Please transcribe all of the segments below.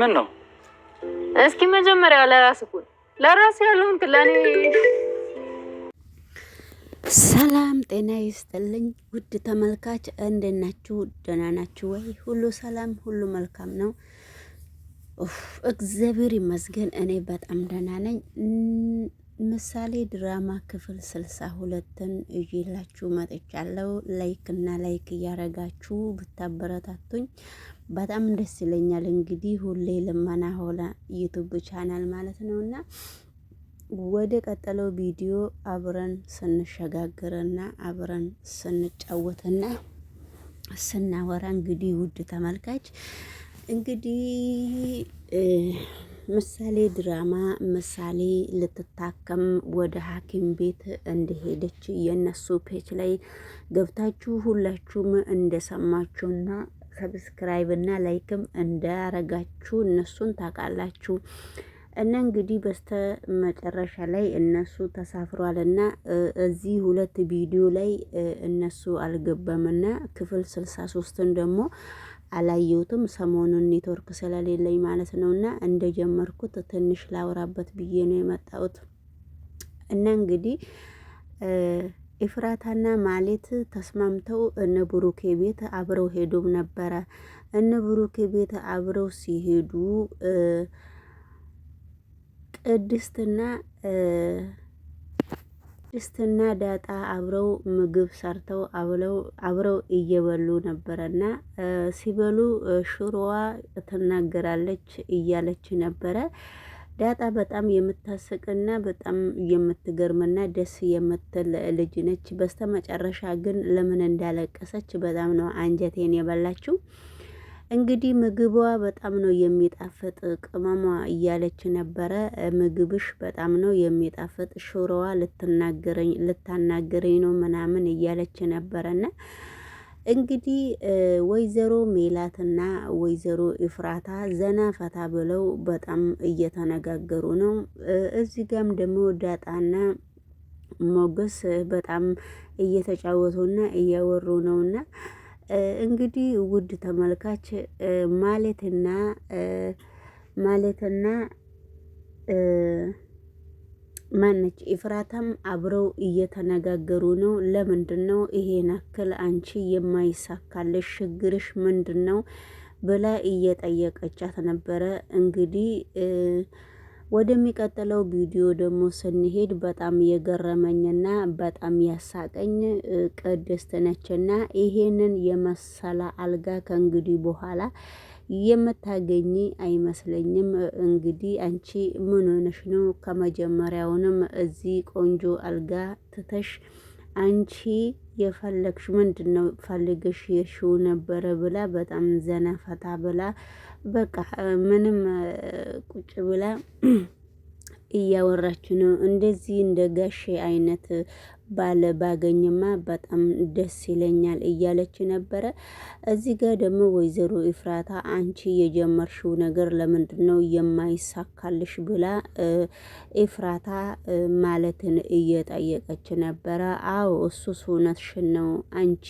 ምን ነው? እስኪ መጀመሪያ ለራስ ቁል ለራስ ያለውን ክላኔ። ሰላም ጤና ይስጥልኝ። ውድ ተመልካች እንዴት ናችሁ? ደህና ናችሁ ወይ? ሁሉ ሰላም፣ ሁሉ መልካም ነው። እግዚአብሔር ይመስገን እኔ በጣም ደህና ነኝ። ምሳሌ ድራማ ክፍል ስልሳ ሁለትን እዤላችሁ መጥቻለሁ። ላይክ እና ላይክ እያረጋችሁ ብታበረታቱኝ በጣም ደስ ይለኛል። እንግዲህ ሁሌ ልመና ሆላ ዩቱብ ቻናል ማለት ነው እና ወደ ቀጠለው ቪዲዮ አብረን ስንሸጋግርና አብረን ስንጫወትና ስናወራ እንግዲህ ውድ ተመልካች እንግዲህ ምሳሌ ድራማ ምሳሌ ልትታከም ወደ ሐኪም ቤት እንደሄደች የነሱ ፔጅ ላይ ገብታችሁ ሁላችሁም እንደሰማችሁና ሰብስክራይብ እና ላይክም እንዳረጋችሁ እነሱን ታውቃላችሁ። እና እንግዲህ በስተ መጨረሻ ላይ እነሱ ተሳፍሯልና እዚህ ሁለት ቪዲዮ ላይ እነሱ አልገባምና ክፍል ስልሳ ሶስትን ደግሞ አላየሁትም ሰሞኑን ኔትወርክ ስለሌለኝ ማለት ነው። እና እንደጀመርኩት ትንሽ ላውራበት ብዬ ነው የመጣሁት። እና እንግዲህ ኤፍራታና ማሌት ተስማምተው እነ ብሩኬ ቤት አብረው ሄዶም ነበረ። እነ ብሩኬ ቤት አብረው ሲሄዱ ቅድስትና ቅድስትና ዳጣ አብረው ምግብ ሰርተው አብረው እየበሉ ነበረና ሲበሉ ሽሮዋ ትናገራለች እያለች ነበረ። ዳጣ በጣም የምታስቅና በጣም የምትገርምና ደስ የምትል ልጅ ነች። በስተመጨረሻ ግን ለምን እንዳለቀሰች በጣም ነው አንጀቴን የበላችው። እንግዲህ ምግቧ በጣም ነው የሚጣፍጥ ቅመሟ እያለች ነበረ ምግብሽ በጣም ነው የሚጣፍጥ ሽሮዋ ልትናገረኝ ልታናገረኝ ነው ምናምን እያለች ነበረና እንግዲህ ወይዘሮ ሜላትና ወይዘሮ ኢፍራታ ዘና ፈታ ብለው በጣም እየተነጋገሩ ነው። እዚህ ጋም ደግሞ ዳጣና ሞገስ በጣም እየተጫወቱና እያወሩ ነውና እንግዲህ ውድ ተመልካች ማለትና ማለትና ማነች ኢፍራታም አብረው እየተነጋገሩ ነው። ለምንድን ነው ይሄን ያክል አንቺ የማይሳካልሽ ችግርሽ ምንድን ነው ብላ እየጠየቀቻት ነበረ እንግዲህ ወደሚቀጥለው ቪዲዮ ደግሞ ስንሄድ በጣም የገረመኝና በጣም ያሳቀኝ ቅድስት ነችና ይሄንን የመሰለ አልጋ ከእንግዲህ በኋላ የምታገኝ አይመስለኝም። እንግዲህ አንቺ ምን ሆነሽ ነው? ከመጀመሪያውንም እዚህ ቆንጆ አልጋ ትተሽ አንቺ የፈለግሽ ምንድን ነው ፈልግሽ የሽው ነበረ ብላ በጣም ዘና ፈታ ብላ በቃ ምንም ቁጭ ብላ እያወራች ነው። እንደዚህ እንደ ጋሼ አይነት ባለ ባገኝማ በጣም ደስ ይለኛል እያለች ነበረ። እዚህ ጋር ደግሞ ወይዘሮ ኢፍራታ አንቺ የጀመርሽው ነገር ለምንድነው የማይሳካልሽ ብላ ኢፍራታ ማለትን እየጠየቀች ነበረ። አዎ እሱስ እውነትሽን ነው አንቺ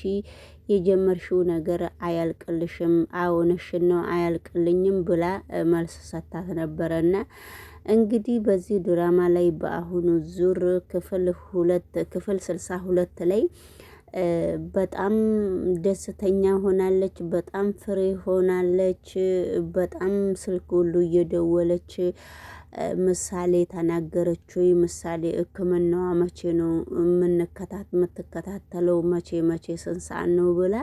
የጀመርሽው ነገር አያልቅልሽም፣ አዎ እውነትሽን ነው አያልቅልኝም ብላ መልስ ሰታት ነበረና እንግዲህ በዚህ ድራማ ላይ በአሁኑ ዙር ክፍል ሁለት ክፍል ስልሳ ሁለት ላይ በጣም ደስተኛ ሆናለች። በጣም ፍሬ ሆናለች። በጣም ስልክ ሁሉ እየደወለች ምሳሌ ተናገረችው። ምሳሌ ሕክምናዋ መቼ ነው የምንከታት የምትከታተለው መቼ መቼ ስንሳ ነው ብላ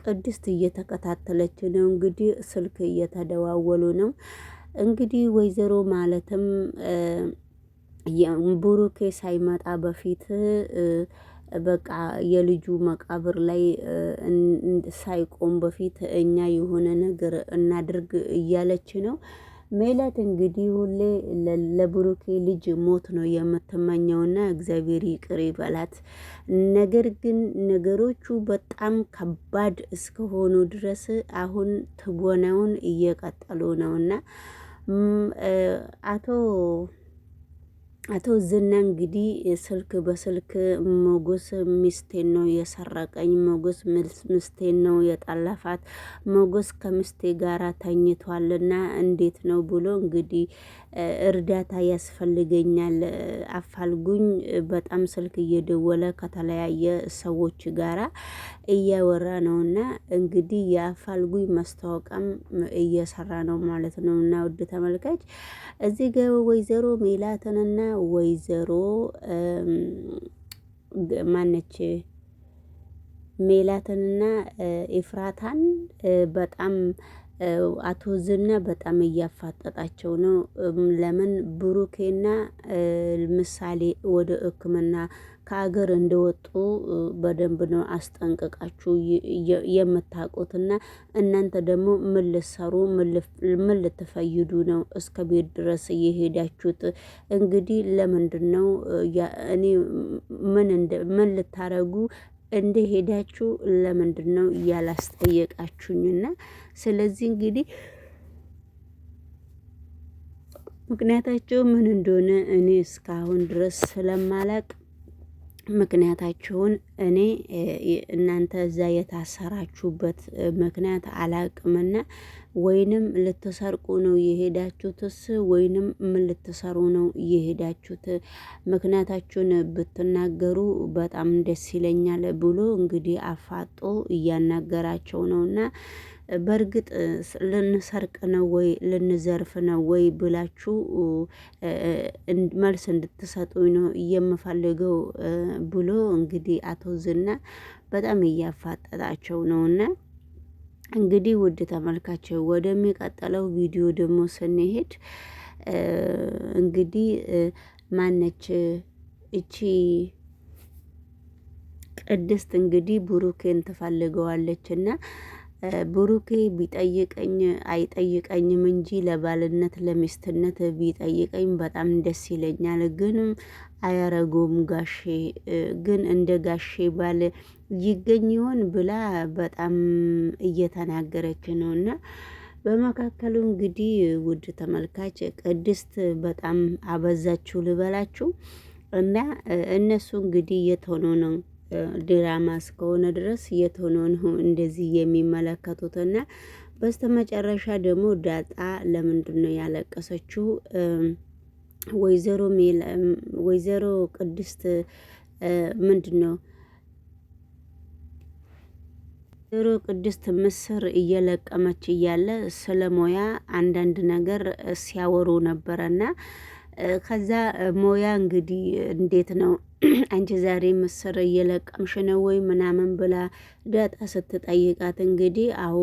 ቅድስት እየተከታተለች ነው። እንግዲህ ስልክ እየተደዋወሉ ነው። እንግዲህ ወይዘሮ ማለትም ብሩኬ ሳይመጣ በፊት በቃ የልጁ መቃብር ላይ ሳይቆም በፊት እኛ የሆነ ነገር እናድርግ እያለች ነው። ሜላት እንግዲህ ሁሌ ለብሩኬ ልጅ ሞት ነው የምትመኘውና እግዚአብሔር ይቅር ይበላት። ነገር ግን ነገሮቹ በጣም ከባድ እስከሆኑ ድረስ አሁን ትወናውን እየቀጠሉ ነውና 嗯，呃，阿杜。አቶ ዝና እንግዲህ ስልክ በስልክ መጎስ ሚስቴን ነው የሰረቀኝ፣ ሞጉስ ሚስቴን ነው የጠለፋት፣ ሞጉስ ከሚስቴ ጋር ተኝቷልና እንዴት ነው ብሎ እንግዲህ እርዳታ ያስፈልገኛል፣ አፋልጉኝ። በጣም ስልክ እየደወለ ከተለያየ ሰዎች ጋራ እያወራ ነውና እንግዲህ የአፋልጉኝ ማስታወቂያም እየሰራ ነው ማለት ነውና ውድ ተመልካች እዚህ ጋ ወይዘሮ ሜላትንና ወይዘሮ ማነች ሜላትንና ኤፍራታን በጣም አቶ ዝና በጣም እያፋጠጣቸው ነው። ለምን ብሩኬና ምሳሌ ወደ ሕክምና ከሀገር እንደወጡ በደንብ ነው አስጠንቅቃችሁ የምታውቁትና እናንተ ደግሞ ምን ልትሰሩ ምን ልትፈይዱ ነው እስከ ቤት ድረስ እየሄዳችሁት? እንግዲህ ለምንድን ነው እኔ ምን ልታረጉ እንደሄዳችሁ ለምንድን ነው ያላስጠየቃችሁኝና? ስለዚህ እንግዲህ ምክንያታቸው ምን እንደሆነ እኔ እስካሁን ድረስ ስለማላቅ ምክንያታችሁን እኔ እናንተ እዛ የታሰራችሁበት ምክንያት አላቅምና ወይንም ልትሰርቁ ነው የሄዳችሁትስ ወይንም ምን ልትሰሩ ነው የሄዳችሁት? ምክንያታችሁን ብትናገሩ በጣም ደስ ይለኛል ብሎ እንግዲህ አፋጦ እያናገራቸው ነውና በእርግጥ ልንሰርቅ ነው ወይ ልንዘርፍ ነው ወይ ብላችሁ መልስ እንድትሰጡኝ ነው የምፈልገው ብሎ እንግዲህ አቶ ዝና በጣም እያፋጠጣቸው ነውና እንግዲህ ውድ ተመልካቸው ወደሚቀጥለው ቪዲዮ ደግሞ ስንሄድ እንግዲህ ማነች እቺ ቅድስት እንግዲህ ብሩኬን ትፈልገዋለች እና ብሩኬ ቢጠይቀኝ አይጠይቀኝም እንጂ ለባልነት ለሚስትነት ቢጠይቀኝ በጣም ደስ ይለኛል። ግን አያረጎም ጋሼ ግን እንደ ጋሼ ባል ይገኝ ይሆን ብላ በጣም እየተናገረች ነው። እና በመካከሉ እንግዲህ ውድ ተመልካች ቅድስት በጣም አበዛችሁ ልበላችሁ እና እነሱ እንግዲህ የት ሆኖ ነው ድራማ እስከሆነ ድረስ የት ሆኖ ነው እንደዚህ የሚመለከቱትና በስተመጨረሻ ደግሞ ዳጣ ለምንድን ነው ያለቀሰችው? ወይዘሮ ወይዘሮ ቅድስት ምንድን ነው ወይዘሮ ቅድስት ምስር እየለቀመች እያለ ስለ ሞያ አንዳንድ ነገር ሲያወሩ ነበረና ከዛ ሞያ እንግዲህ እንዴት ነው አንቺ ዛሬ ምስር እየለቀምሽ ነው ወይ ምናምን ብላ ዳጣ ስትጠይቃት፣ እንግዲህ አዎ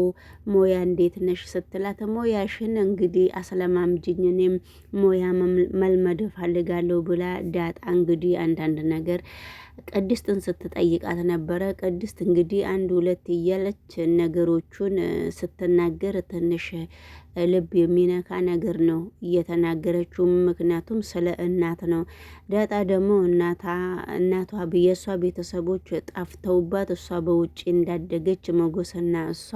ሞያ እንዴት ነሽ ስትላት፣ ሞያሽን እንግዲህ አስለማምጅኝ እኔም ሞያ መልመድ ፈልጋለሁ ብላ ዳጣ እንግዲህ አንዳንድ ነገር ቅድስትን ስትጠይቃት ነበረ። ቅድስት እንግዲህ አንድ ሁለት እያለች ነገሮቹን ስትናገር ትንሽ ልብ የሚነካ ነገር ነው እየተናገረችው፣ ምክንያቱም ስለ እናት ነው። ዳጣ ደግሞ እናታ እናቷ የእሷ ቤተሰቦች ጠፍተውባት እሷ በውጭ እንዳደገች መጎስና እሷ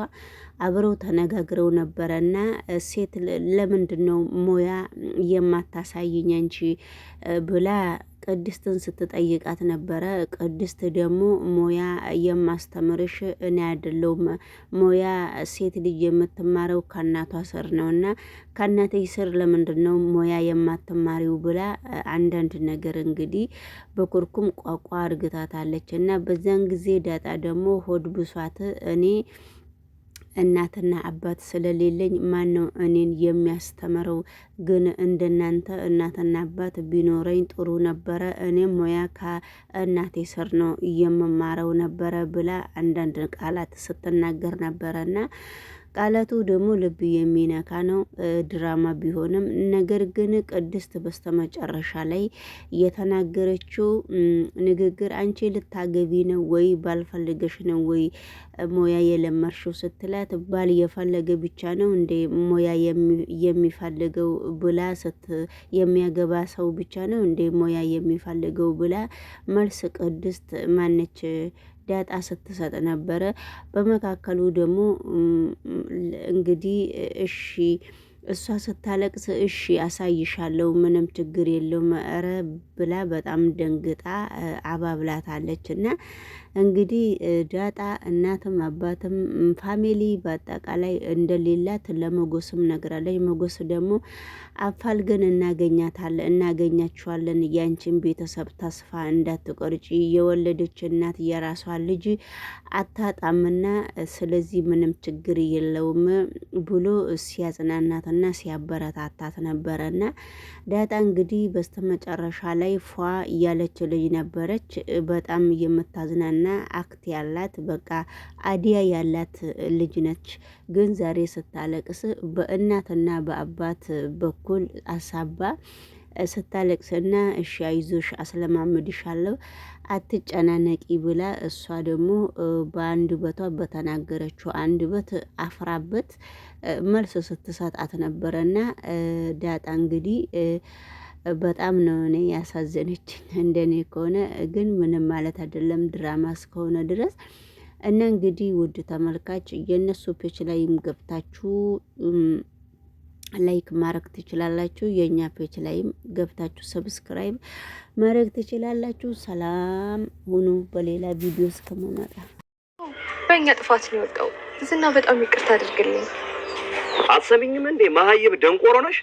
አብረው ተነጋግረው ነበረና ሴት ለምንድን ነው ሞያ የማታሳይኝ አንቺ ብላ ቅድስትን ስትጠይቃት ነበረ። ቅድስት ደግሞ ሞያ የማስተምርሽ እኔ አይደለሁም፣ ሞያ ሴት ልጅ የምትማረው ከእናቷ ስር ነው እና ከእናትሽ ስር ለምንድን ነው ሞያ የማትማሪው ብላ አንዳንድ ነገር እንግዲህ በኩርኩም ቋቋ እርግታታለች እና በዚያን ጊዜ ዳጣ ደግሞ ሆድ ብሷት እኔ እናትና አባት ስለሌለኝ ማን ነው እኔን የሚያስተምረው? ግን እንደናንተ እናትና አባት ቢኖረኝ ጥሩ ነበረ። እኔም ሙያ ከእናቴ ስር ነው የምማረው ነበረ ብላ አንዳንድ ቃላት ስትናገር ነበረና ቃላቱ ደግሞ ልብ የሚነካ ነው። ድራማ ቢሆንም ነገር ግን ቅድስት በስተመጨረሻ ላይ የተናገረችው ንግግር አንቺ ልታገቢ ነው ወይ ባልፈልገሽ ነው ወይ ሞያ የለመርሽው ስትላት ባል የፈለገ ብቻ ነው እንደ ሞያ የሚፈልገው ብላ ስት የሚያገባ ሰው ብቻ ነው እንደ ሞያ የሚፈልገው ብላ መልስ ቅድስት ማነች ዳጣ ስትሰጥ ነበረ። በመካከሉ ደግሞ እንግዲህ እሺ እሷ ስታለቅስ እሺ አሳይሻለሁ፣ ምንም ችግር የለውም ኧረ ብላ በጣም ደንግጣ አባብላታለች። እና እንግዲህ ዳጣ እናትም አባትም ፋሚሊ በአጠቃላይ እንደሌላት ለመጎስም ነግራለች። መጎስ ደግሞ አፋልገን እናገኛታለን እናገኛችኋለን፣ ያንቺን ቤተሰብ ተስፋ እንዳትቆርጪ፣ የወለደች እናት የራሷ ልጅ አታጣምና፣ ስለዚህ ምንም ችግር የለውም ብሎ ሲያጽናናት እና ሲያበረታታት ነበረ እና ዳጣ እንግዲህ በስተመጨረሻ ላይ ፏ እያለች ልጅ ነበረች። በጣም የምታዝናና አክት ያላት በቃ አዲያ ያላት ልጅ ነች። ግን ዛሬ ስታለቅስ በእናትና በአባት በኩል አሳባ ስታለቅስና እሺ አይዞሽ አስለማምድሻለሁ አትጨናነቂ ብላ እሷ ደግሞ በአንድ በቷ በተናገረችው አንድ በት አፍራበት መልስ ስትሰጣት ነበረና ዳጣ እንግዲህ በጣም ነው እኔ ያሳዘነችኝ። እንደኔ ከሆነ ግን ምንም ማለት አይደለም ድራማ እስከሆነ ድረስ እና እንግዲህ ውድ ተመልካች የእነሱ ፔች ላይም ገብታችሁ ላይክ ማድረግ ትችላላችሁ። የእኛ ፔጅ ላይም ገብታችሁ ሰብስክራይብ ማድረግ ትችላላችሁ። ሰላም ሁኑ። በሌላ ቪዲዮ እስከምንመጣ በእኛ ጥፋት ነው የወጣው። ዝና በጣም ይቅርታ አድርግልኝ። አትሰሚኝም እንዴ? መሀይብ ደንቆሮ ነሽ።